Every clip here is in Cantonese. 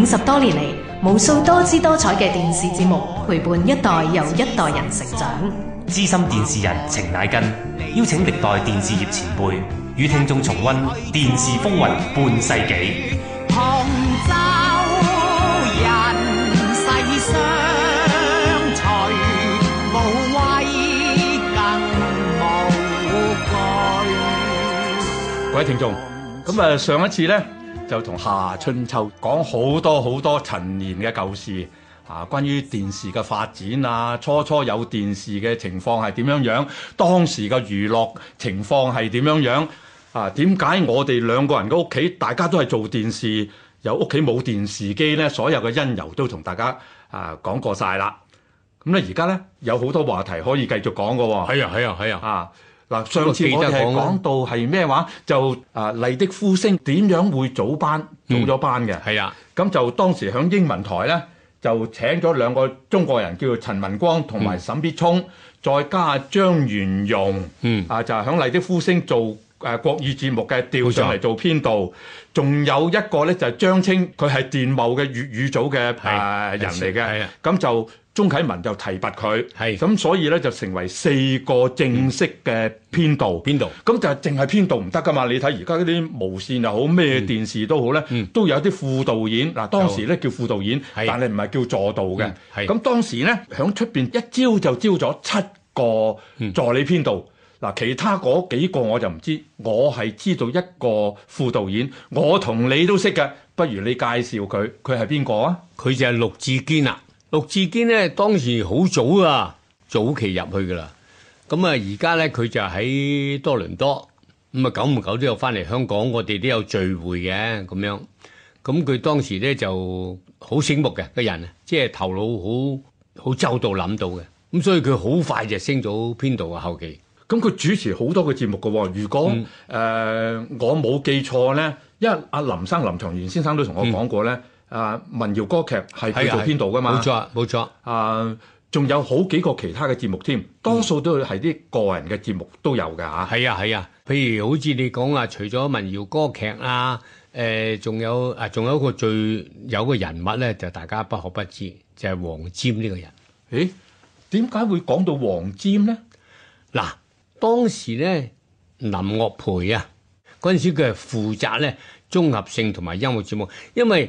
五十多年嚟，無數多姿多彩嘅電視節目陪伴一代又一代人成長。資深電視人程乃根邀請歷代電視業前輩與聽眾重温電視風雲半世紀。同舟人世相隨，無畏更無懼。各位聽眾，咁啊，上一次呢。就同夏春秋講好多好多陳年嘅舊事啊！關於電視嘅發展啊，初初有電視嘅情況係點樣樣？當時嘅娛樂情況係點樣樣？啊，點解我哋兩個人嘅屋企大家都係做電視，有屋企冇電視機呢？所有嘅因由都同大家啊講過晒啦。咁、啊、咧，而家呢，有好多話題可以繼續講㗎喎。係啊，係啊，係啊。啊嗱，上次我哋係講到係咩話？就啊麗的呼聲點樣會組班，嗯、組咗班嘅。係啊，咁就當時響英文台咧，就請咗兩個中國人，叫做陳文光同埋沈必聰，嗯、再加張元容，嗯、啊就響麗的呼聲做誒、啊、國語節目嘅，調上嚟做編導。仲錯有一個咧，就係、張清，佢係電懋嘅粵語組嘅是啊人嚟嘅，咁就。鐘啟文就提拔佢，係咁的，所以咧就成為四個正式嘅編導。編導、嗯、咁就係淨係編導唔得噶嘛？你睇而家嗰啲無綫又好，咩電視都好咧，嗯、都有啲副導演。嗱、嗯，當時咧的叫副導演，的但係唔係叫助導嘅。咁當時咧響出邊一招就招咗七個助理編導。嗱、嗯，其他嗰幾個我就唔知，我係知道一個副導演，我同你都識嘅，不如你介紹佢，佢係邊個啊？佢就係陸志堅啦。陸志堅咧，當時好早啊，早期入去噶啦。咁啊，而家咧佢就喺多倫多，咁啊久唔久都有翻嚟香港，我哋都有聚會嘅咁樣。咁佢當時咧就好醒目嘅個人，即係頭腦好好周到諗到嘅。咁所以佢好快就升咗編導嘅後期。咁佢主持好多嘅節目噶。如果誒、嗯呃、我冇記錯咧，因為阿林生林長源先生都同我講過咧。嗯誒民、啊、謠歌劇係喺度編導噶嘛？冇錯冇錯。誒仲、啊、有好幾個其他嘅節目添，多數都係啲個人嘅節目都有嘅嚇、啊。係、嗯、啊係啊，譬如好似你講啊，除咗民謠歌劇啊，誒、呃、仲有誒仲有一個最有個人物咧，就大家不可不知，就係黃霑呢個人。誒點解會講到黃霑咧？嗱、啊，當時咧林樂培啊，嗰陣時佢係負責咧綜合性同埋音樂節目，因為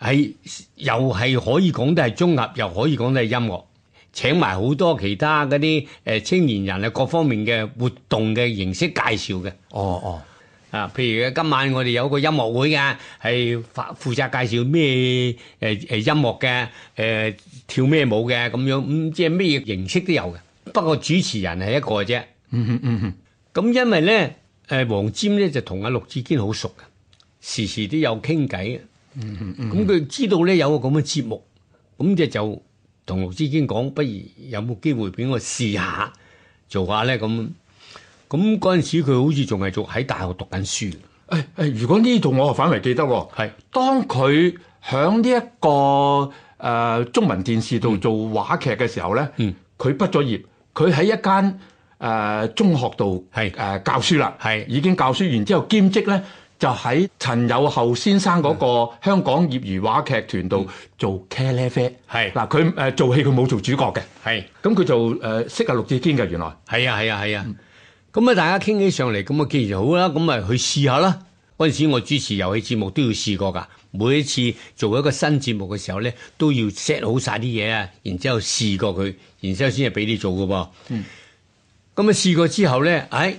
係又係可以講得係綜合，又可以講得係音樂，請埋好多其他嗰啲誒青年人啊，各方面嘅活動嘅形式介紹嘅哦哦啊，譬如今晚我哋有個音樂會嘅係發負責介紹咩誒誒音樂嘅誒跳咩舞嘅咁樣咁、嗯，即係咩形式都有嘅。不過主持人係一個啫，咁因為咧誒黃霑咧就同阿陸志堅好熟嘅，時時都有傾偈。嗯，咁、嗯、佢、嗯、知道咧有個咁嘅節目，咁即、嗯、就同盧子健講，不如有冇機會俾我試下做下咧咁。咁嗰陣時佢好似仲係做喺大學讀緊書。誒誒，如果呢度我反為記得，係是當佢響呢一個誒、呃、中文電視度做話劇嘅時候咧，佢、嗯嗯、畢咗業，佢喺一間誒、呃、中學度係誒教書啦，係是已經教書完之後兼職咧。就喺陳有後先生嗰個香港業餘話劇團度做茄喱啡。係嗱，佢誒做戲佢冇做主角嘅。係咁佢就誒識下陸志堅嘅原來係啊係啊係啊，咁啊，啊、嗯、大家傾起上嚟咁啊，既然好啦，咁咪去試下啦。嗰陣時我主持遊戲節目都要試過噶，每一次做一個新節目嘅時候咧，都要 set 好晒啲嘢啊，然之後試過佢，然之後先係俾你做噶喎。咁啊試過之後咧，誒、哎，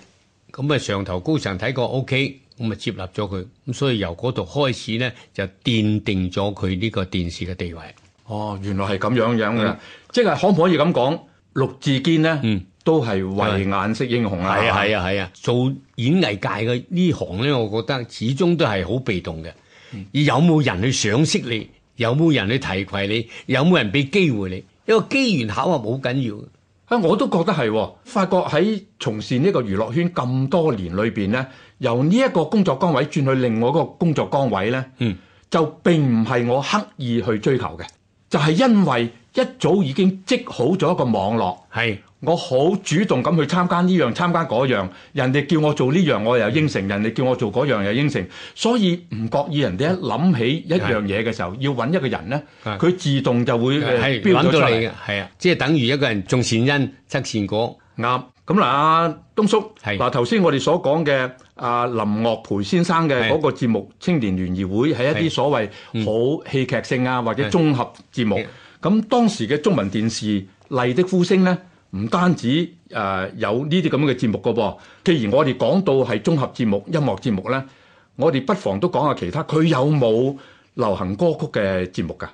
咁啊上頭高層睇過 OK。咁啊，我接納咗佢，咁所以由嗰度開始咧，就奠定咗佢呢個電視嘅地位。哦，原來係咁樣樣嘅，嗯、即係可唔可以咁講？陸志堅咧，嗯，都係慧眼識英雄啦。係啊，係啊的，係啊。做演藝界嘅呢行咧，我覺得始終都係好被動嘅，嗯、有冇人去賞識你，有冇人去提攜你，有冇人俾機會你，一個機緣巧合好緊要。啊！我都覺得係、哦，發覺喺從事呢個娛樂圈咁多年裏邊咧，由呢一個工作崗位轉去另外一個工作崗位咧，嗯，就並唔係我刻意去追求嘅，就係、是、因為一早已經織好咗一個網絡，係。我好主動咁去參加呢樣，參加嗰樣。人哋叫我做呢樣，我又應承；人哋叫我做嗰樣，又應承。所以唔覺意人哋一諗起一樣嘢嘅時候，要揾一個人咧，佢自動就會揾到你嘅，係啊，即係等於一個人種善因，得善果。噉咁嗱阿東叔，嗱頭先我哋所講嘅阿林樂培先生嘅嗰個節目《青年聯誼會》，係一啲所謂好戲劇性啊，或者綜合節目。咁當時嘅中文電視《麗的呼聲》咧。唔單止誒、呃、有呢啲咁嘅節目噶噃，既然我哋講到係綜合節目、音樂節目咧，我哋不妨都講下其他，他。佢有冇流行歌曲嘅節目噶？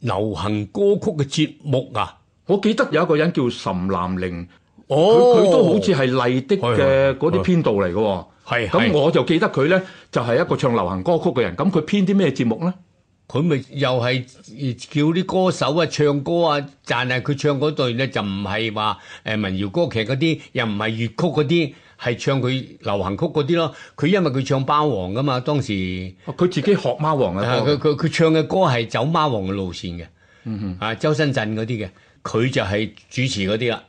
流行歌曲嘅節目啊，我記得有一個人叫岑藍玲，佢佢、哦、都好似係麗的嘅嗰啲編導嚟嘅。係，咁我就記得佢咧就係、是、一個唱流行歌曲嘅人。咁佢、嗯、編啲咩節目咧？佢咪又係叫啲歌手啊唱歌啊，但係佢唱嗰對咧就唔係話誒民謠歌劇嗰啲，又唔係粵曲嗰啲，係唱佢流行曲嗰啲咯。佢因為佢唱貓王噶嘛，當時。佢、哦、自己學貓王嘅歌嘅啊。係佢佢佢唱嘅歌係走貓王嘅路線嘅。嗯哼。啊，周新鎮嗰啲嘅，佢就係主持嗰啲啦。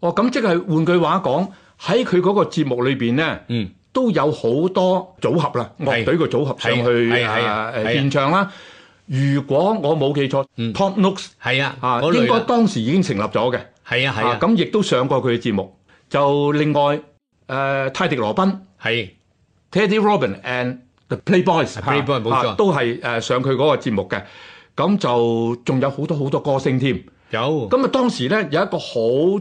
哦，咁即係換句話講，喺佢嗰個節目裏邊咧。嗯。都有好多組合啦，樂隊個組合上去誒現場啦。如果我冇記錯，Top Notes 係，啊，應該當時已經成立咗嘅，係啊，係啊，咁亦都上過佢嘅節目。就另外誒泰迪羅賓係 Teddy Robin and the Playboys，Playboys 冇錯都係誒上佢嗰個節目嘅。咁就仲有好多好多歌星添。有咁啊！當時咧有一個好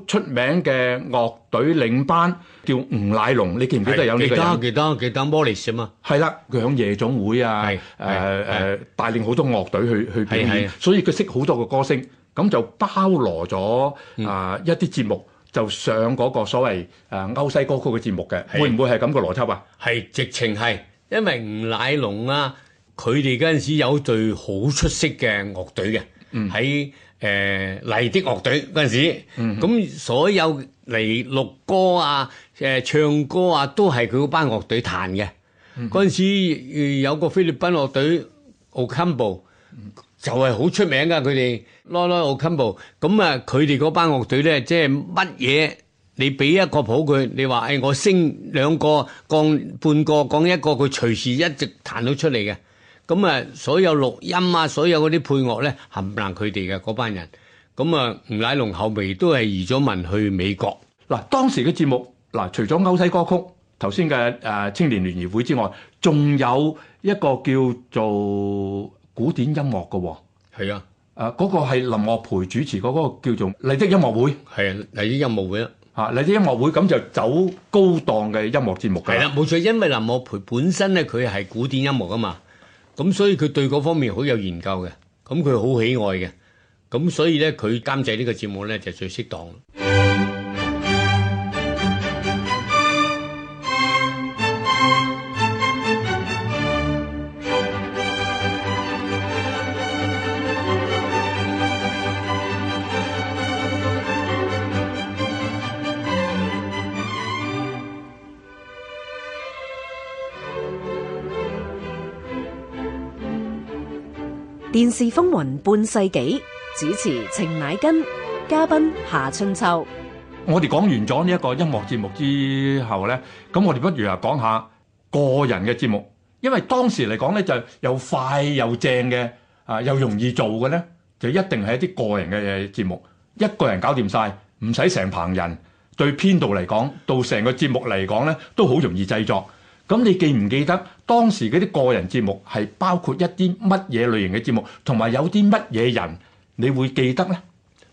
出名嘅樂隊領班叫吳乃龍，你記唔記得有呢個人？記得記得，Monish 啊嘛。係啦，佢響夜總會啊，誒誒帶領好多樂隊去去表演，所以佢識好多個歌星，咁就包羅咗啊一啲節目，就上嗰個所謂誒歐西歌曲嘅節目嘅，會唔會係咁個邏輯啊？係直情係，因為吳乃龍啊，佢哋嗰陣時有隊好出色嘅樂隊嘅，喺。誒嚟啲樂隊嗰陣時，咁、嗯、哼所有嚟錄歌啊、誒、呃、唱歌啊，都係佢嗰班樂隊彈嘅。嗰陣、嗯、哼時有個菲律賓樂隊 Ocampo、um 嗯、哼就係好出名噶，佢哋 Lola Ocampo。咁啊，佢哋嗰班樂隊咧，即係乜嘢？你俾一個譜佢，你話誒、欸、我升兩個、降半個、降一個，佢隨時一直彈到出嚟嘅。咁啊，所有錄音啊，所有嗰啲配樂咧，冚唪唥佢哋嘅嗰班人。咁啊，吳乃龍後尾都係移咗民去美國。嗱，當時嘅節目嗱，除咗歐西歌曲，頭先嘅誒青年聯誼會之外，仲有一個叫做古典音樂嘅。係啊，誒嗰個係林樂培主持嗰個叫做麗的音樂會。係啊，麗的音樂會啦，嚇，麗的音樂會咁就走高檔嘅音樂節目㗎。係啦，冇錯，因為林樂培本身咧，佢係古典音樂啊嘛。咁所以佢對嗰方面好有研究嘅，咁佢好喜愛嘅，咁所以呢佢監製呢個節目呢就最適當。電視風雲半世紀，主持程乃根，嘉賓夏春秋。我哋講完咗呢一個音樂節目之後咧，咁我哋不如啊講下個人嘅節目，因為當時嚟講咧就又快又正嘅啊，又容易做嘅咧，就一定係一啲個人嘅節目，一個人搞掂晒，唔使成棚人。對編導嚟講，到成個節目嚟講咧，都好容易製作。咁你記唔記得當時嗰啲個人節目係包括一啲乜嘢類型嘅節目，同埋有啲乜嘢人你會記得咧？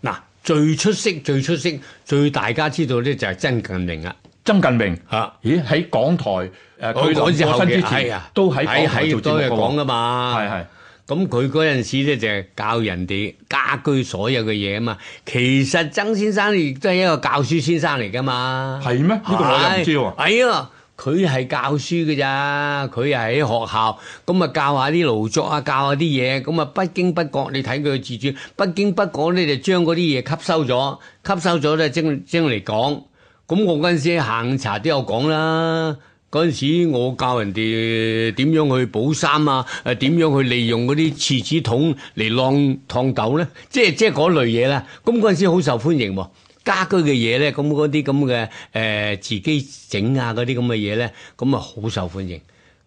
嗱，最出色、最出色、最大家知道咧就係曾近明啦。曾近明嚇，咦？喺港台誒，佢改之後嘅係啊，都喺港台做節目講噶嘛。係係。咁佢嗰陣時咧就係教人哋家居所有嘅嘢啊嘛。其實曾先生亦都係一個教書先生嚟噶嘛。係咩？呢個我又唔知喎。係啊。佢係教書嘅咋，佢係喺學校咁啊，教下啲勞作啊，教下啲嘢，咁啊不經不覺，你睇佢嘅自主，不經不覺咧就將嗰啲嘢吸收咗，吸收咗咧，精精嚟講，咁我嗰陣時下午茶都有講啦，嗰陣時我教人哋點樣去補衫啊，誒點樣去利用嗰啲廁紙筒嚟晾燙斗咧，即係即係嗰類嘢咧，咁嗰陣時好受歡迎喎。家居嘅嘢咧，咁嗰啲咁嘅誒自己整啊，嗰啲咁嘅嘢咧，咁啊好受歡迎。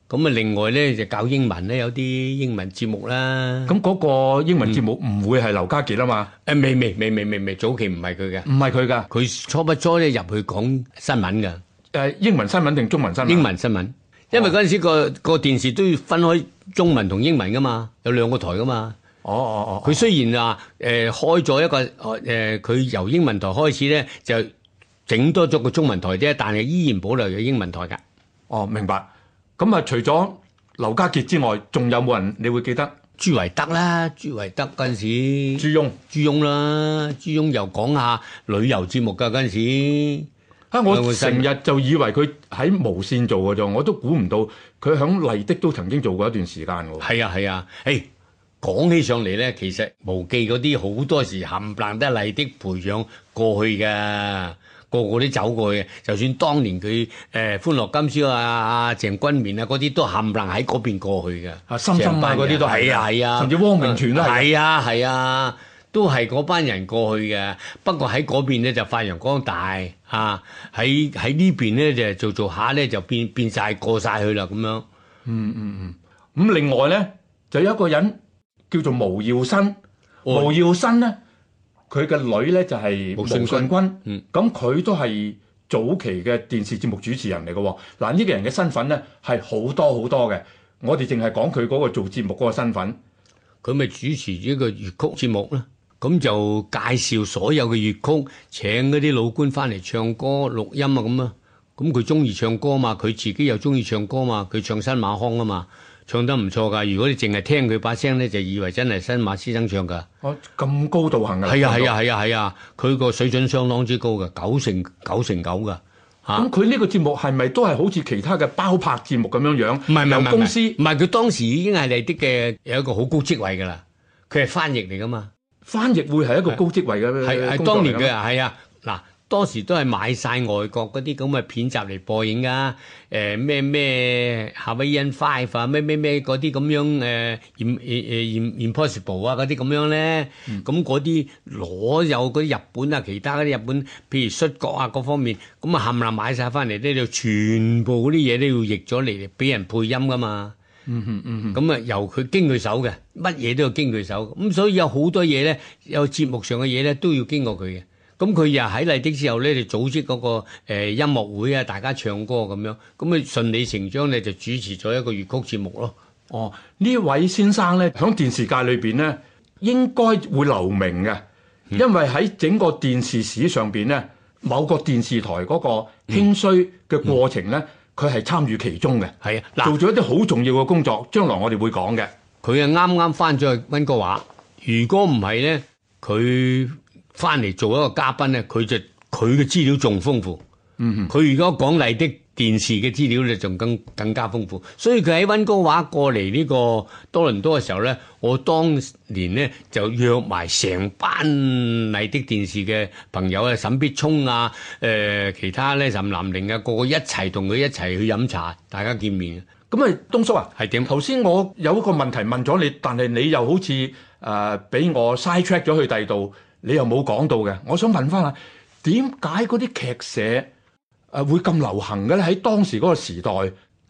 咁啊，另外咧就教英文咧，有啲英文節目啦。咁嗰個英文節目唔會係劉家傑啊嘛？誒未未未未未未，早期唔係佢嘅。唔係佢噶，佢初不初咧入去講新聞噶。誒英文新聞定中文新聞？英文新聞，因為嗰陣時個個電視都要分開中文同英文噶嘛，有兩個台噶嘛。哦哦哦！佢、哦、雖然啊，誒、呃、開咗一個誒，佢、呃、由英文台開始咧，就整多咗個中文台啫，但係依然保留咗英文台嘅。哦，明白。咁、嗯、啊，除咗劉家傑之外，仲有冇人你會記得？朱維德啦，朱維德嗰陣時，朱翁翁、朱翁啦，朱翁又講下旅遊節目噶嗰陣時、啊。我成日就以為佢喺無線做嘅啫，我都估唔到佢響麗的都曾經做過一段時間嘅。係啊係啊，誒、啊！講起上嚟咧，其實無記嗰啲好多時冚唪唥都係麗的培養過去嘅，個個都走過去嘅。就算當年佢誒歡樂今宵啊、啊鄭君綿啊嗰啲，都冚唪唥喺嗰邊過去嘅。啊，深深啊嗰啲都係啊係啊，甚至汪明荃都係啊係啊，都係嗰班人過去嘅。不過喺嗰邊咧就發揚光大啊，喺喺呢邊咧就做做下咧就變變曬過曬去啦咁樣。嗯嗯嗯，咁另外咧就有一個人。叫做毛耀新，毛、哦、耀新咧，佢嘅女咧就係毛信君，咁佢、嗯、都係早期嘅電視節目主持人嚟嘅。嗱、啊，呢、呢個人嘅身份咧係好多好多嘅，我哋淨係講佢嗰個做節目嗰個身份。佢咪主持呢個粵曲節目咧，咁就介紹所有嘅粵曲，請嗰啲老倌翻嚟唱歌錄音啊咁啊。咁佢中意唱歌嘛，佢自己又中意唱歌嘛，佢唱新馬腔啊嘛。唱得唔錯㗎！如果你淨係聽佢把聲咧，就以為真係新馬師曾唱㗎。我咁、哦、高道行嘅。係啊係啊係啊係啊！佢個、啊啊啊啊啊、水準相當之高嘅，九成九成九嘅。嚇！咁佢呢個節目係咪都係好似其他嘅包拍節目咁樣樣？唔係唔係公司唔係。唔係，佢當時已經係你啲嘅有一個好高職位㗎啦。佢係翻譯嚟㗎嘛。翻譯會係一個高職位嘅、啊。係係，當年嘅係啊嗱。當時都係買曬外國嗰啲咁嘅片集嚟播映噶，誒咩咩 Hawaii Five 啊，咩咩咩嗰啲咁樣誒，im im im impossible 啊嗰啲咁樣咧，咁嗰啲攞有嗰啲日本啊，其他嗰啲日本，譬如摔角啊各方面，咁啊冚 𠾴 唥買曬翻嚟咧，就全部嗰啲嘢都要譯咗嚟俾人配音噶嘛，嗯哼嗯哼，咁啊由佢經佢手嘅，乜嘢都要經佢手，咁所以有好多嘢咧，有節目上嘅嘢咧都要經過佢嘅。咁佢又喺嚟的之後咧，就組織嗰、嗰個、呃、音樂會啊，大家唱歌咁樣，咁佢順理成章咧就主持咗一個粵曲節目咯。哦，呢位先生咧，喺電視界裏邊咧應該會留名嘅，因為喺整個電視史上邊咧，某個電視台嗰個興衰嘅過程咧，佢係、嗯嗯、參與其中嘅。係啊，做咗一啲好重要嘅工作，將來我哋會講嘅。佢啊啱啱翻咗去温哥華，如果唔係咧，佢。翻嚟做一個嘉賓咧，佢就佢嘅資料仲豐富，嗯哼，佢如果講麗的電視嘅資料咧，仲更更加豐富，所以佢喺温哥華過嚟呢個多倫多嘅時候咧，我當年咧就約埋成班麗的電視嘅朋友啊，沈必聰啊，誒、呃、其他咧，岑南寧啊，個個個一齊同佢一齊去飲茶，大家見面。咁啊，東叔啊，係點？頭先我有一個問題問咗你，但係你又好似誒俾我 side track 咗去第二度。你又冇講到嘅，我想問翻下，點解嗰啲劇社誒會咁流行嘅咧？喺當時嗰個時代，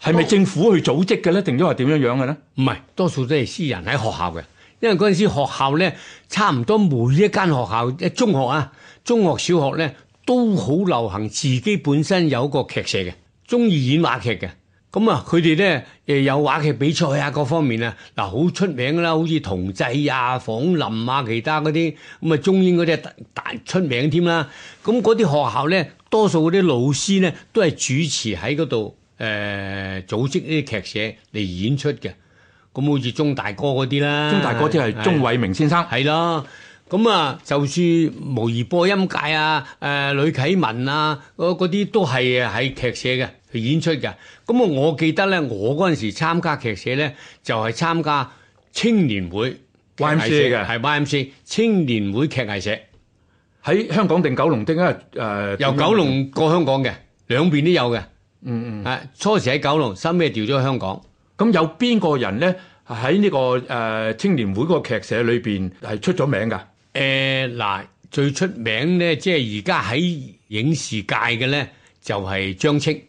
係咪政府去組織嘅咧？定咗係點樣樣嘅咧？唔係，多數都係私人喺學校嘅，因為嗰陣時學校咧，差唔多每一間學校，誒中學啊、中學、小學咧都好流行，自己本身有個劇社嘅，中意演話劇嘅。咁啊，佢哋咧誒有話劇比賽啊，各方面啊，嗱好出名啦，好似童濟啊、房林啊、其他嗰啲咁啊，中英嗰啲啊，大出名添啦。咁嗰啲學校咧，多數嗰啲老師咧，都係主持喺嗰度誒組織呢啲劇社嚟演出嘅。咁好似鐘大哥嗰啲啦，鍾大哥即係鐘偉明先生，係咯。咁啊，就算毛義播音界啊、誒、呃呃、呂啟文啊，嗰啲都係喺劇社嘅。演出嘅咁啊！我記得咧，我嗰陣時參加劇社咧，就係參加青年會劇社嘅，係 YMCA 青年會劇藝社喺香港定九龍？定啊誒由九龍過香港嘅兩邊都有嘅。嗯嗯，誒初時喺九龍，後尾調咗去香港。咁有邊個人咧喺呢個誒青年會個劇社裏邊係出咗名㗎？誒嗱，最出名咧，即係而家喺影視界嘅咧，就係張清。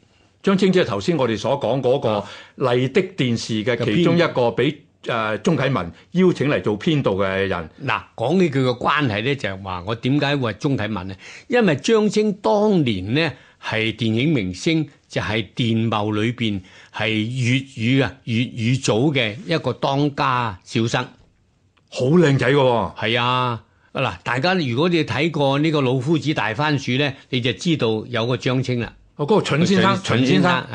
張青即係頭先我哋所講嗰個麗的電視嘅其中一個俾誒、呃、鍾啟文邀請嚟做編導嘅人。嗱，講起佢個關係咧，就係、是、話我點解會鍾啟文呢？因為張青當年呢，係電影明星，就係、是、電懋裏邊係粵語啊粵語組嘅一個當家小生，好靚仔嘅喎。係啊，嗱、啊，大家如果你睇過呢個《老夫子大番薯》咧，你就知道有個張青啦。嗰、啊嗰個秦先生，秦蠢先生，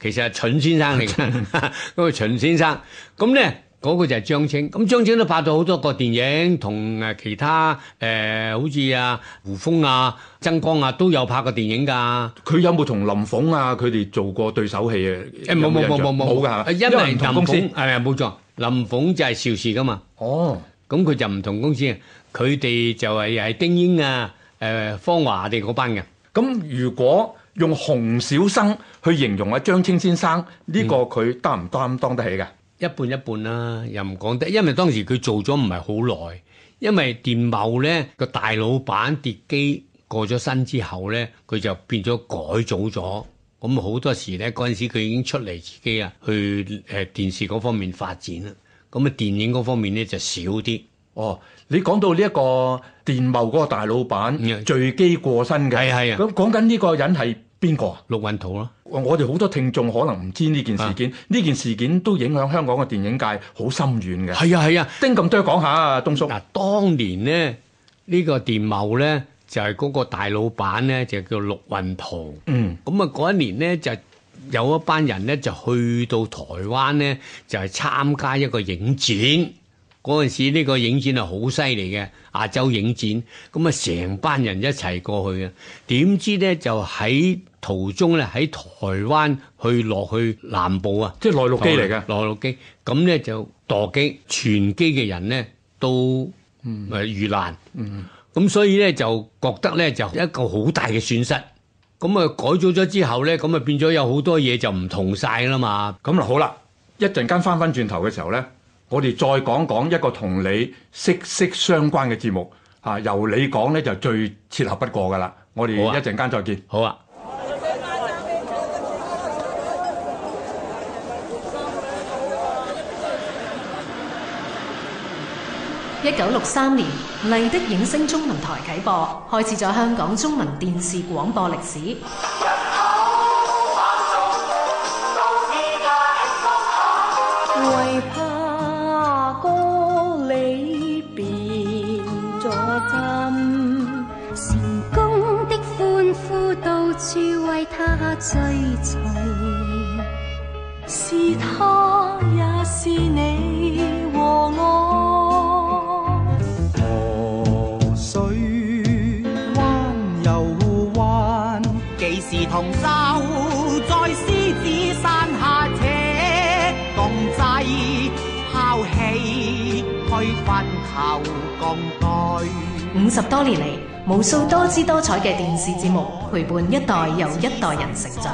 其實係秦先生嚟嘅。嗰個秦先生，咁咧嗰個就係張青。咁張青都拍咗好多個電影，同誒其他誒、呃、好似啊胡風啊、曾江啊都有拍過電影㗎。佢有冇同林鳳啊佢哋做過對手戲啊？誒冇冇冇冇冇冇㗎，的因為林因為唔同公司係啊，冇錯。林鳳就係邵氏㗎嘛。哦，咁佢就唔同公司啊。佢哋就係又係丁英啊、誒方華哋嗰班人。咁如果用洪小生去形容啊張清先生呢，呢個佢擔唔擔當得起嘅？嗯，一半一半啦，啊，又唔講得，因為當時佢做咗唔係好耐，因為電懋咧個大老闆跌機過咗身之後咧，佢就變咗改組咗。咁、嗯、好多時咧嗰陣時佢已經出嚟自己啊去誒電視嗰方面發展啦。咁、嗯、啊電影嗰方面咧就少啲。哦，你講到呢一個電懋嗰個大老闆、嗯、墜機過身嘅，係係的啊。咁講緊呢個人係邊個啊？陸運濤咯。我哋好多聽眾可能唔知呢件事件，呢的件事件都影響香港嘅電影界好深遠嘅。係啊係啊，丁咁多講下啊，東叔。嗱，當年咧呢、這個電懋咧就係、是、嗰個大老闆咧就叫陸運濤。嗯。咁啊嗰一年咧就有一班人咧就去到台灣咧就係、是、參加一個影展。嗰陣時呢個影展啊好犀利嘅亞洲影展，咁啊成班人一齊過去啊，點知咧就喺途中咧喺台灣去落去南部啊，即係內陸機嚟嘅，內陸機，咁咧就墮機，全機嘅人咧都誒遇難，咁所以咧就覺得咧就一個好大嘅損失，咁啊改咗咗之後咧，咁啊變咗有好多嘢就唔同晒啦嘛，咁啦、嗯嗯、好啦，一陣間翻翻轉頭嘅時候咧。我哋再講講一,一個同你息息相關嘅節目，啊，由你講呢就最切合不過㗎喇。我哋一陣間再見。好、啊。好啊。一九六三年，麗的影聲中文台啟播，開始咗香港中文電視廣播歷史。聚齊，是他也是你和我。河水彎又彎，既是同舟，在獅子山下且共濟，拋棄區分求共對。五十多年嚟，無數多姿多彩嘅電視節目陪伴一代又一代人成長。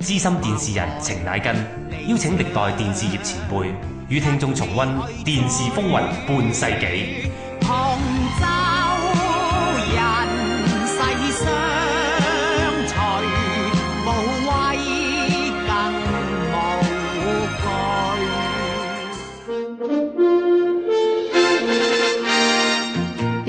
資深電視人程乃根邀請歷代電視業前輩與聽眾重溫電視風雲半世紀。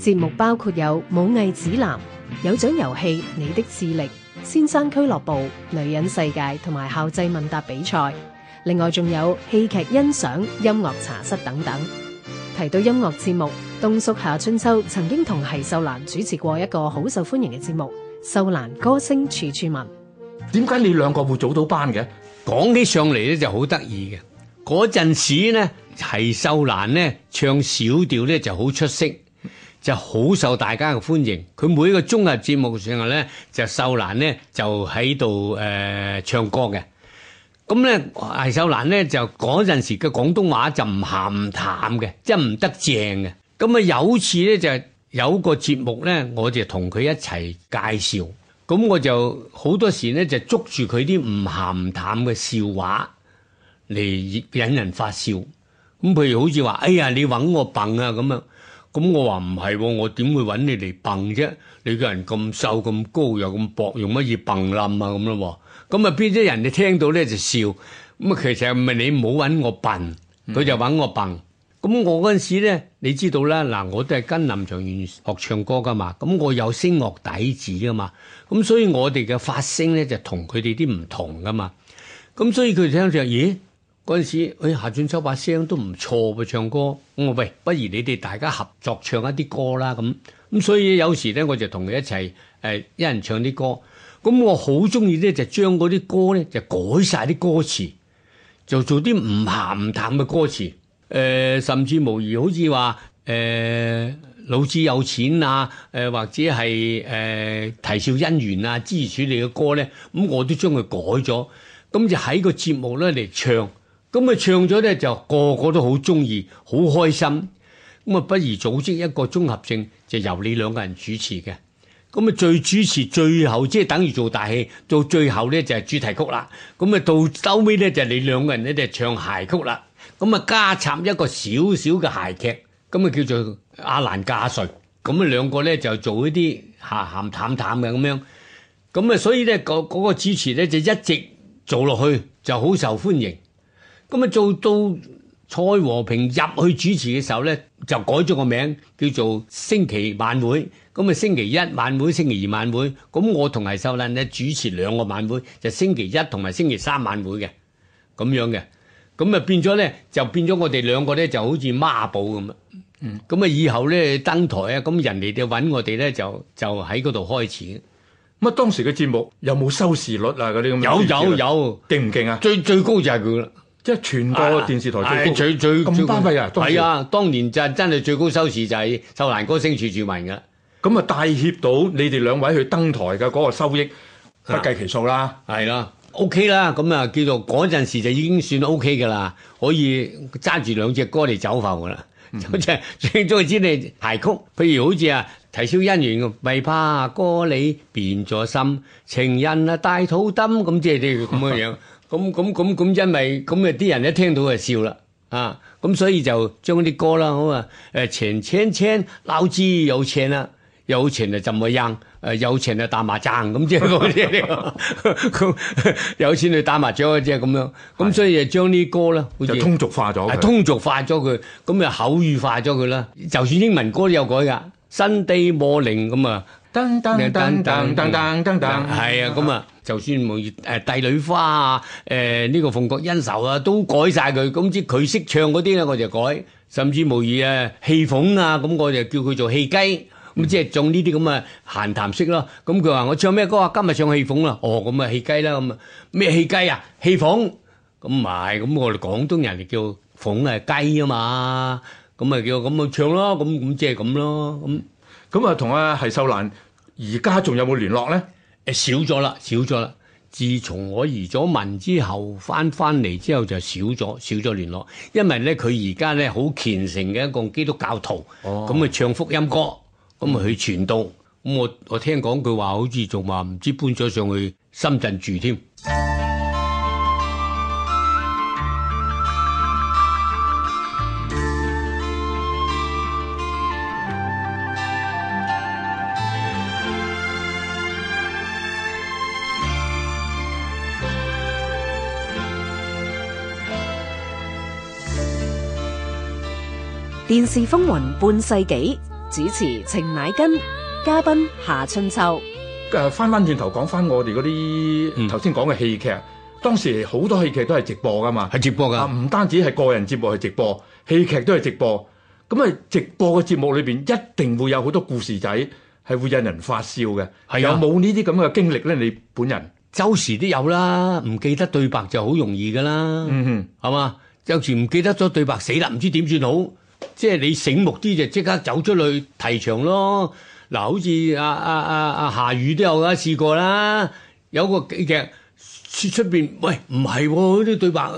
節目包括有武藝指南、有獎遊戲、你的智力、先生俱樂部、女人世界同埋校際問答比賽，另外仲有戲劇欣賞、音樂茶室等等。提到音樂節目，冬叔夏春秋，曾經同奚秀蘭主持過一個好受歡迎嘅節目《秀蘭歌聲處處聞》。點解你兩個會早到班嘅？講起上嚟咧就好得意嘅。嗰陣時呢，奚秀蘭呢唱小調咧就好出色。就好受大家嘅歡迎，佢每一個綜藝節目上咧，就秀蘭呢就喺度誒唱歌嘅。咁、嗯、咧，艾秀蘭咧就嗰陣時嘅廣東話就唔鹹唔淡嘅，即係唔得正嘅。咁、嗯、啊有次咧就有個節目咧，我就同佢一齊介紹。咁、嗯、我就好多時咧就捉住佢啲唔鹹唔淡嘅笑話嚟引人發笑。咁、嗯、譬如好似話，哎呀你揾我笨啊咁啊！咁我話唔係喎，我點會揾你嚟蹦啫？你個人咁瘦咁高又咁薄，用乜嘢蹦冧啊？咁咯，咁啊邊啲人就聽到咧就笑。咁啊，其實係咪你唔好揾我笨，佢就揾我笨。咁、嗯、我嗰陣時咧，你知道啦，嗱，我都係跟林長源學唱歌噶嘛，咁我有聲樂底子噶嘛，咁所以我哋嘅發聲咧就同佢哋啲唔同噶嘛。咁所以佢哋聽到就咦？嗰陣時、哎，夏春秋把聲都唔錯嘅，唱歌，我話，喂，不如你哋大家合作唱一啲歌啦咁。咁所以有時咧，我就同佢一齊誒、呃，一人唱啲歌。咁我好中意咧，就將嗰啲歌咧就改晒啲歌詞，就做啲唔鹹唔淡嘅歌詞。誒、呃，甚至無疑好似話誒，老子有錢啊！誒、呃，或者係誒、呃，啼笑姻緣啊，支持處理嘅歌咧，咁我都將佢改咗。咁就喺個節目咧嚟唱。咁啊，唱咗咧就個個都好中意，好開心。咁啊，不如組織一個綜合性，就由你兩個人主持嘅。咁啊，最主持最後即係等於做大戲，到最後咧就係主題曲啦。咁啊，到收尾咧就係你兩個人咧就唱鞋曲啦。咁啊，加插一個小小嘅鞋劇，咁啊，叫做阿蘭嫁阿瑞。咁啊，兩個咧就做一啲鹹鹹淡淡嘅咁樣。咁啊，所以咧嗰嗰個主持咧就一直做落去就好受歡迎。咁啊，做到蔡和平入去主持嘅時候咧，就改咗個名，叫做星期晚會。咁啊，星期一晚會，星期二晚會。咁我同埋秀蘭咧主持兩個晚會，就是，星期一同埋星期三晚會嘅，咁樣嘅。咁啊，變咗咧，就變咗我哋兩個咧，嗯，就好似孖寶咁啊。咁啊，以後咧登台啊，咁人哋就揾我哋咧，就就喺嗰度開始。咁啊，嗯，當時嘅節目有冇收視率啊？嗰啲咁有有有，勁唔勁啊？最最高就係佢啦。即係全個電視台最、啊哎、最咁係啊，啊，當年就真係最高收視就喺《秀蘭歌星處住民噶。咁啊，帶協到你哋兩位去登台嘅嗰個收益、啊、不計其數啦，係、OK、啦。O K 啦，咁啊叫做嗰陣時就已經算 O K 噶啦，可以揸住兩隻歌嚟走浮噶啦。好似、嗯、哼最多知你排曲，譬如好似啊。提消姻緣嘅，咪怕哥你變咗心，情人啊戴肚燈咁，即係啲咁嘅樣，咁咁咁咁，因為咁啊啲人一聽到就笑啦，啊，咁所以就將啲歌啦，好啊，誒，錢青青，老子有錢啦，有錢就浸個罌，誒，有錢就打麻雀，咁即係嗰啲，有錢就打麻雀嘅啫，咁樣，咁所以就將啲歌啦，通俗化咗，通俗化咗佢，咁啊口語化咗佢啦，就算英文歌都有改噶。新地莫靈咁啊，噔噔噔噔，係啊，咁啊，就算無異誒帝女花啊，誒呢個鳳閣恩仇啊，都改晒佢。咁即係佢識唱嗰啲咧，我就改。甚至無異誒戲鳳啊，咁我就叫佢做戲雞。咁即係種呢啲咁啊閒談式咯。咁佢話我唱咩歌啊？今日唱戲鳳啊。哦，咁啊戲雞啦，咁啊咩戲雞啊？戲鳳。咁咪咁我哋廣東人就叫鳳係雞啊嘛。咁咪叫咁去唱咯，咁咁即係咁咯。咁咁啊，同阿係秀蘭而家仲有冇聯絡咧？誒，少咗啦，少咗啦。自從我移咗民之後，翻翻嚟之後就少咗，少咗聯絡。因為咧，佢而家咧好虔誠嘅一個基督教徒，咁啊、哦、唱福音歌，咁啊去傳道。咁、嗯、我我聽講佢話，好似仲話唔知搬咗上去深圳住添。電視風雲半世紀，主持程乃根，嘉賓夏春秋。誒，翻翻轉頭講翻我哋嗰啲頭先講嘅戲劇，當時好多戲劇都係直播噶嘛，係直播噶，唔單止係個人節目係直播，戲劇都係直播。咁啊，直播嘅節目裏邊一定會有好多故事仔，係會引人發笑嘅。啊、有冇呢啲咁嘅經歷咧？你本人，周時都有啦，唔記得對白就好容易噶啦，係嘛、嗯哼？有時唔記得咗對白死啦，唔知點算好。即係你醒目啲就即刻走出去提場咯。嗱，好似阿阿阿阿夏雨都有噶，試過啦。有個劇劇出出邊，喂，唔係喎，啲對白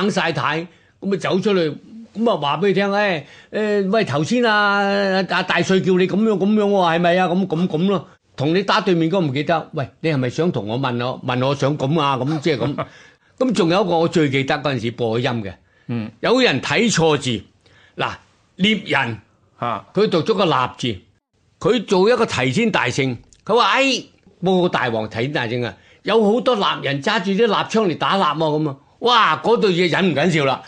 硬晒太。咁咪走出去，咁啊話俾佢聽，誒誒，喂，頭先啊啊大帥叫你咁樣咁樣喎，係咪啊？咁咁咁咯。同你打對面嗰個唔記得，喂，你係咪想同我問我？問我想咁啊？咁即係咁。咁仲有一個我最記得嗰陣時播音嘅，嗯，有人睇錯字。嗱，獵、啊、人，佢讀咗個立字，佢做一個提鮮大聖，佢話：哎，冇個大王提大聖啊，有好多獵人揸住啲獵槍嚟打獵啊咁啊，哇，嗰對嘢忍唔緊笑啦，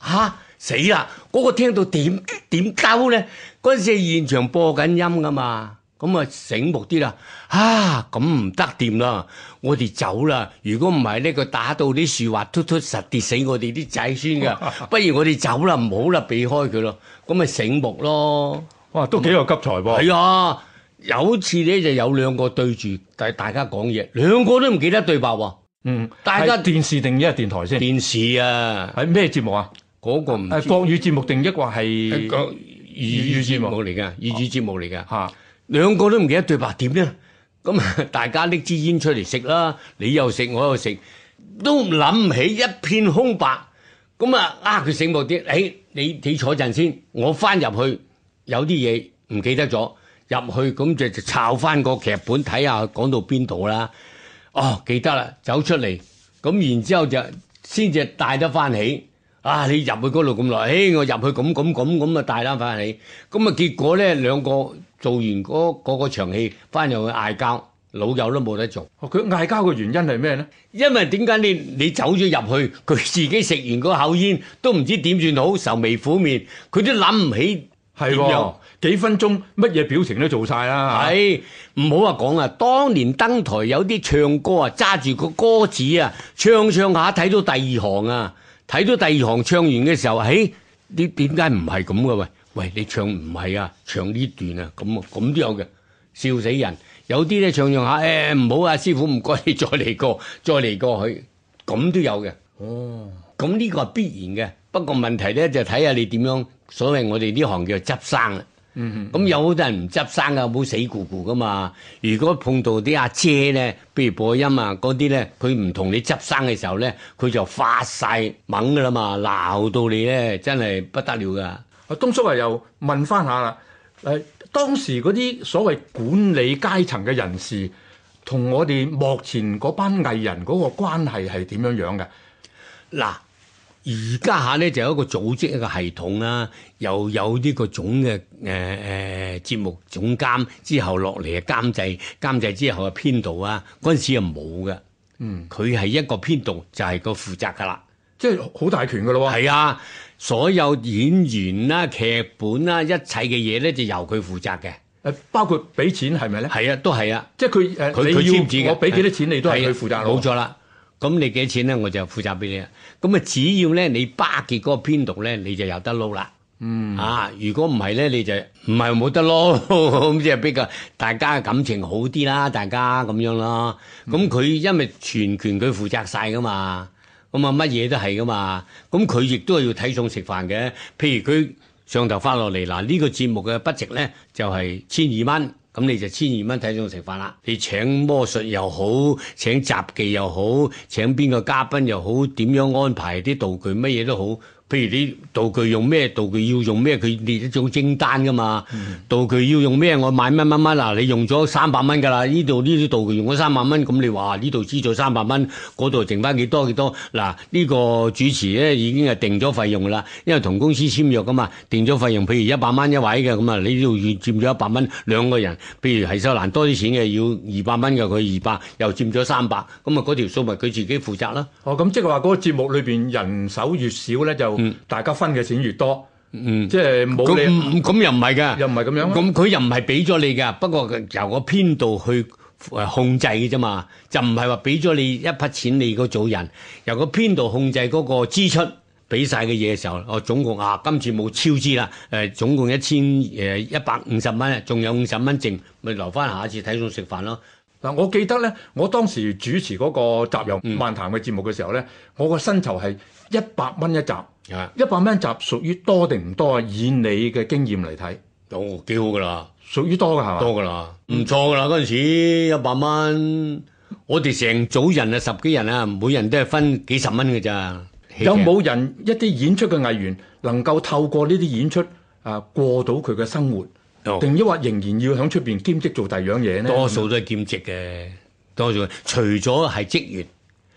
吓死啦，嗰、嗰個聽到點點鳩咧，嗰時係現場播緊音噶嘛。咁啊，醒目啲啦！啊，咁唔得掂啦，我哋走啦！如果唔係咧，佢打到啲樹滑突突實跌死我哋啲仔孫噶，不如我哋走啦，唔好啦，避開佢咯。咁咪醒目咯！哇，都幾有急才噃！係啊，有次咧就有兩個對住大大家講嘢，兩個都唔記得對白喎。嗯，大家電視定一係電台先？電視啊，係咩節目啊？嗰個唔係國語節目定一個係粵語節目嚟嘅？粵語節目嚟嘅嚇。兩個都唔記得對白點咧，咁大家拎支煙出嚟食啦，你又食我又食，都諗唔起一片空白。咁啊，啊佢醒目啲，哎你你坐陣先，我翻入去有啲嘢唔記得咗，入去咁就就抄翻個劇本睇下講到邊度啦。哦，記得啦，走出嚟咁然之後就先至帶得翻起。啊，你入去嗰度咁耐，哎我入去咁咁咁咁啊帶得翻起。咁啊結果呢兩個。做完嗰嗰個場戲，翻入去嗌交，老友都冇得做。佢嗌交嘅原因係咩呢？因為點解你你走咗入去，佢自己食完個口煙都唔知點算好，愁眉苦面，佢都諗唔起。係喎，幾分鐘乜嘢表情都做晒啦。唉，唔好話講啊！當年登台有啲唱歌啊，揸住個歌詞啊，唱唱下睇到第二行啊，睇到第二行唱完嘅時候，誒，你點解唔係咁嘅喂？喂，你唱唔係啊，唱呢段啊，咁咁都有嘅，笑死人。有啲咧唱用下，誒、欸、唔好啊，師傅唔該，你再嚟過，再嚟過去，咁都有嘅。哦，咁呢個係必然嘅。不過問題咧就睇下你點樣，所謂我哋呢行叫做執生啦、嗯。嗯咁有好多人唔執生噶，冇死咕咕噶嘛。如果碰到啲阿姐咧，譬如播音啊嗰啲咧，佢唔同你執生嘅時候咧，佢就發晒猛噶啦嘛，鬧到你咧真係不得了噶。東叔啊，又問翻下啦。誒，當時嗰啲所謂管理階層嘅人士，同我哋幕前嗰班藝人嗰個關係係點樣樣嘅？嗱，而家下咧就有一個組織一個系統啊，又有呢個總嘅誒誒節目總監，之後落嚟嘅監製，監製之後嘅編導啊，嗰陣時係冇嘅。嗯，佢係一個編導就係、是、個負責噶啦，即係好大權噶咯喎。係啊。所有演員啦、啊、劇本啦、啊、一切嘅嘢咧，就由佢負責嘅。誒，包括俾錢係咪咧？係啊，都係啊。即係佢誒，佢簽字嘅。我俾幾多錢，你都係佢負責咯。冇、啊、錯啦。咁你幾多錢咧，我就負責俾你。咁啊，只要咧你巴結嗰個編導咧，你就有得撈啦。嗯。啊，如果唔係咧，你就唔係冇得撈。咁即係比較大家嘅感情好啲啦，大家咁樣咯。咁佢因為全權佢負責晒噶嘛。咁啊，乜嘢都係噶嘛，咁佢亦都係要睇餸食飯嘅。譬如佢上頭返落嚟嗱，呢個節目嘅 budget 咧就係千二蚊，咁你就千二蚊睇餸食飯啦。你請魔術又好，請雜技又好，請邊個嘉賓又好，點樣安排啲道具，乜嘢都好。譬如你道具用咩，道具要用咩，佢列一種清單噶嘛。道具要用咩，嗯，我買乜乜乜嗱。你用咗三百蚊噶啦，呢度呢啲道具用咗三百蚊，咁、嗯、你話呢度資助三百蚊，嗰度剩翻幾多幾多嗱？呢、啊呢個主持咧已經係定咗費用噶啦，因為同公司簽約噶嘛，定咗費用。譬如一百蚊一位嘅，咁、嗯、啊你呢度要佔咗一百蚊兩個人。譬如係秀蘭多啲錢嘅，要二百蚊嘅佢二百，200，又佔咗三百，咁啊嗰條數咪佢自己負責啦。哦，咁即係話嗰個節目裏邊人手越少咧就？嗯，大家分嘅錢越多，嗯，即係冇你咁咁、嗯、又唔係嘅，又唔係咁樣。咁佢又唔係俾咗你嘅，不過由個編導去誒控制嘅啫嘛，就唔係話俾咗你一筆錢，你個組人由個編導控制嗰個支出俾晒嘅嘢嘅時候，我總共啊今次冇超支啦，誒，總共一千誒一百五十蚊，仲有五十蚊剩，咪留翻下一次睇數食飯咯。嗱，我記得咧，我當時主持嗰個集郵漫談嘅節目嘅時候咧，嗯、我個薪酬係一百蚊一集，一百蚊一集屬於多定唔多啊？以你嘅經驗嚟睇，有幾、哦、好噶啦，屬於多噶係嘛？多噶啦，唔錯噶啦，嗰陣時一百蚊，我哋成組人啊，十幾人啊，每人都係分幾十蚊噶咋。有冇人一啲演出嘅藝員能夠透過呢啲演出啊過到佢嘅生活？定抑或仍然要喺出邊兼職做第二樣嘢咧？多數都係兼職嘅，多數除咗係職員，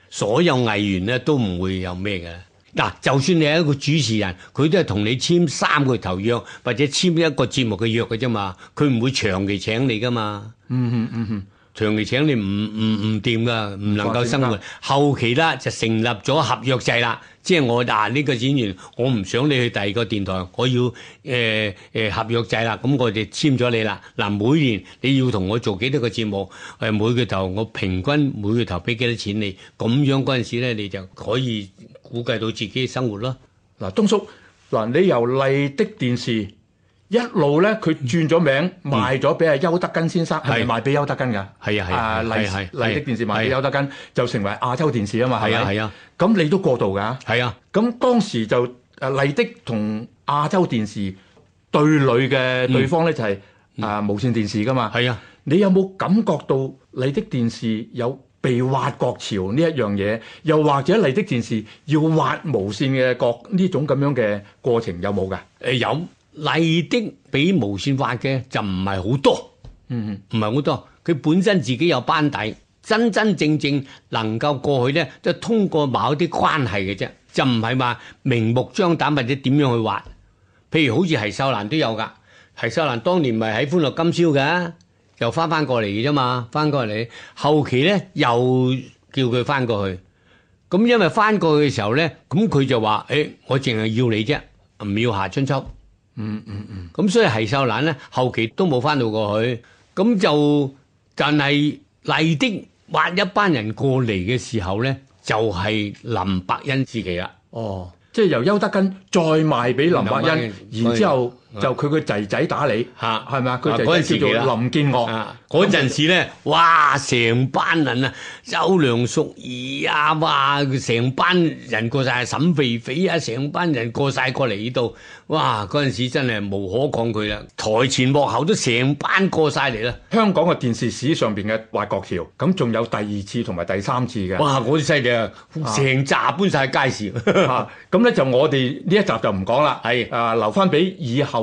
所有藝員咧都唔會有咩嘅。嗱，就算你係一個主持人，佢都係同你簽三個月頭約，或者簽一個節目嘅約嘅啫嘛，佢唔會長期請你噶嘛。嗯嗯嗯嗯，長期請你唔唔唔掂噶，唔能夠生活。後期啦就成立咗合約制啦。即係我嗱呢、啊呢個演員，我唔想你去第二個電台，我要誒誒、呃呃、合約制啦，咁我哋簽咗你啦。嗱、啊，每年你要同我做幾多個節目？誒、啊、每個頭我平均每個頭俾幾多錢你？咁樣嗰陣時咧，你就可以估計到自己嘅生活咯。嗱、啊，東叔，嗱、啊、你由麗的電視。一路咧，佢轉咗名，賣咗俾阿邱德根先生，係咪賣俾邱德根噶？係啊係啊，麗麗的電視賣俾邱德根，就成為亞洲電視啊嘛。係啊係啊，咁你都過渡噶。係啊，咁當時就麗的同亞洲電視對壘嘅對方咧就係啊無線電視噶嘛。係啊，你有冇感覺到麗的電視有被挖角潮呢一樣嘢？又或者麗的電視要挖無線嘅角呢種咁樣嘅過程有冇噶？誒有。麗的畀無線挖嘅就唔係好多，嗯，唔係好多。佢本身自己有班底，真真正正能夠過去咧，即係通過某啲關係嘅啫，就唔係話明目張膽或者點樣去挖。譬如好似係秀蘭都有噶，係秀蘭當年咪喺歡樂今宵㗎，又翻翻過嚟嘅啫嘛，翻過嚟後期咧又叫佢翻過去。咁、嗯、因為翻過去嘅時候咧，咁、嗯、佢就話，誒、欸，我淨係要你啫，唔要夏春秋。嗯嗯嗯，咁、嗯、所以奚秀蘭咧後期都冇翻到過去，咁就但係麗的挖一班人過嚟嘅時候咧，就係、是、林伯恩自己啦。哦，即係由邱德根再賣俾林伯恩，伯恩然之後。就佢個仔仔打理吓係咪啊？嗰陣叫做林建岳。啊，陣時咧，啊、時哇！成班人啊，周梁淑怡啊，哇！成班人過晒沈肥肥啊，成班人過晒過嚟呢度。哇！陣時真係無可抗拒啦，台前幕後都成班過晒嚟啦。香港嘅電視史上邊嘅挖角潮，咁仲有第二次同埋第三次嘅。哇！嗰啲犀利啊，成集搬晒街市。咁 咧、啊、就我哋呢一集就唔講啦，係啊是留翻俾以後。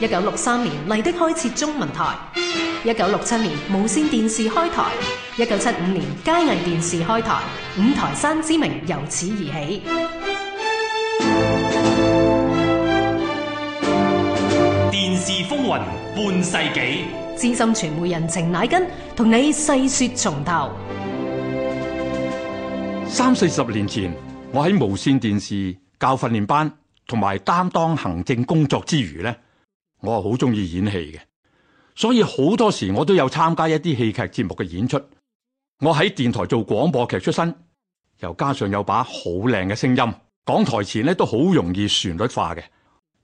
一九六三年麗的開設中文台，一九六七年無綫電視開台，一九七五年佳藝電視開台，五台山之名由此而起。電視風雲半世紀，資深傳媒人程乃根同你細說從頭。三四十年前，我喺無綫電視教訓練班同埋擔當行政工作之餘呢。我係好中意演戲嘅，所以好多時我都有參加一啲戲劇節目嘅演出。我喺電台做廣播劇出身，又加上有把好靚嘅聲音，講台前咧都好容易旋律化嘅。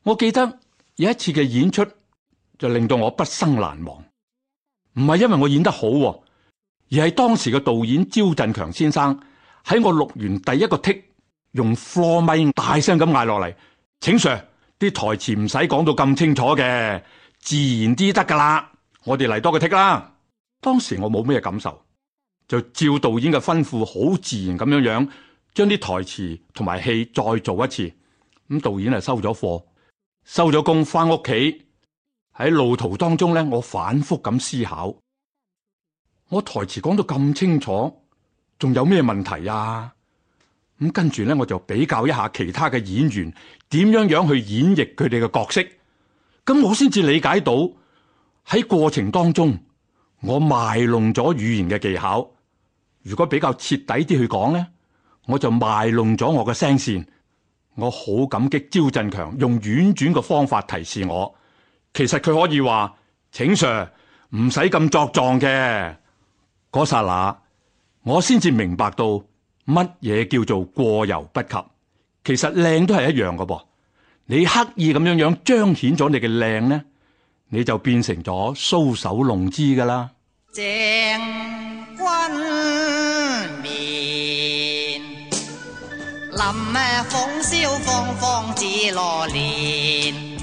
我記得有一次嘅演出就令到我不生難忘，唔係因為我演得好，而係當時嘅導演招振強先生喺我錄完第一個 take，用 floor 咪大聲咁嗌落嚟，請 Sir。啲台詞唔使講到咁清楚嘅，自然啲得噶啦。我哋嚟多個剔 a k e 啦。當時我冇咩感受，就照導演嘅吩咐，好自然咁樣樣，將啲台詞同埋戲再做一次。咁導演係收咗課，收咗工，翻屋企，喺路途當中咧，我反復咁思考，我台詞講到咁清楚，仲有咩問題啊？咁跟住咧，我就比較一下其他嘅演員點樣樣去演繹佢哋嘅角色，咁我先至理解到喺過程當中，我賣弄咗語言嘅技巧。如果比較徹底啲去講呢，我就賣弄咗我嘅聲線。我好感激招振強用婉轉嘅方法提示我，其實佢可以話，請 Sir 唔使咁作狀嘅。嗰剎那，我先至明白到。乜嘢叫做過猶不及？其實靚都係一樣噶噃，你刻意咁樣樣彰顯咗你嘅靚呢，你就變成咗搔首弄姿噶啦。鄭君面臨咩鳳簫放放紫羅蓮。